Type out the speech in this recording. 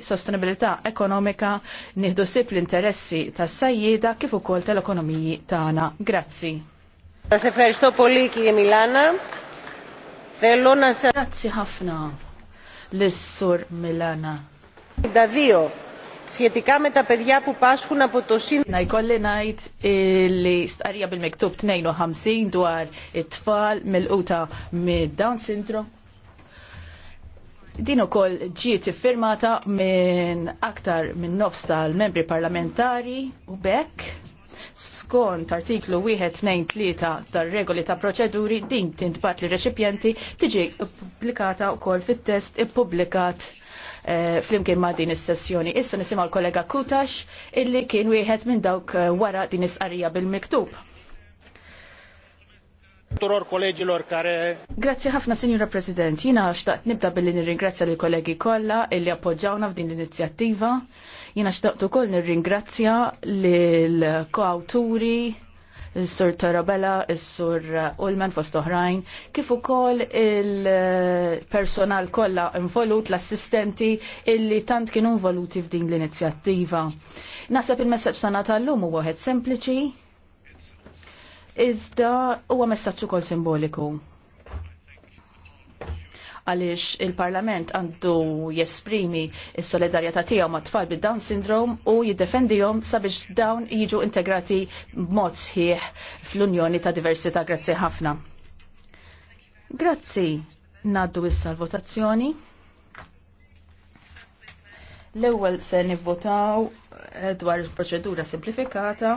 sostenibilità ekonomika nieħdu sib l-interessi tas-sajjieda kif ukoll tal-ekonomiji tagħna. Grazzi. Σας ευχαριστώ πολύ κύριε Μιλάνα. Θέλω να σας... Grazie ħafna l-Sur Milana. σχετικά με τα παιδιά που πάσχουν από το σύνδεσμο. Να najt li starija bil-miktub 52 dwar it-tfal mill-quta mid-Down syndrome Din ukoll ġiet iffirmata minn aktar minn nofs tal-membri parlamentari u bekk skont artiklu 1.2.3 tar-regoli ta' proċeduri din tintbat li reċipjenti tiġi u wkoll fit-test ippubblikat eh, flimkien ma' din is-sessjoni. Issa nisimgħu l-kollega Kutax illi kien wieħed minn dawk eh, wara din is-qarrija bil-miktub tuturor kollegilor kare. Grazie ħafna, Signora President. Jina xtaqt nibda billi nirringrazzja lill kollegi kollha illi appoġġawna f'din l-inizjattiva. Jina xtaqt ukoll nirringrazzja lill koawturi il-Sur Tarabella, il-Sur Ullman fost oħrajn, kif ukoll il-personal kollha involut l-assistenti illi tant kienu involuti f'din l-inizjattiva. Nasab il-messaġġ ta' tal-lum u wieħed sempliċi iżda huwa messaġġ ukoll simboliku għaliex il-Parlament għandu jesprimi s solidarjetà tiegħu ma' tfal bid-Down syndrome u jiddefendihom sabiex dawn jiġu integrati b'mod sħiħ fl-Unjoni ta' Diversità. Grazzi ħafna. Grazzi. Naddu issa l-votazzjoni. L-ewwel se nivvotaw dwar proċedura simplifikata.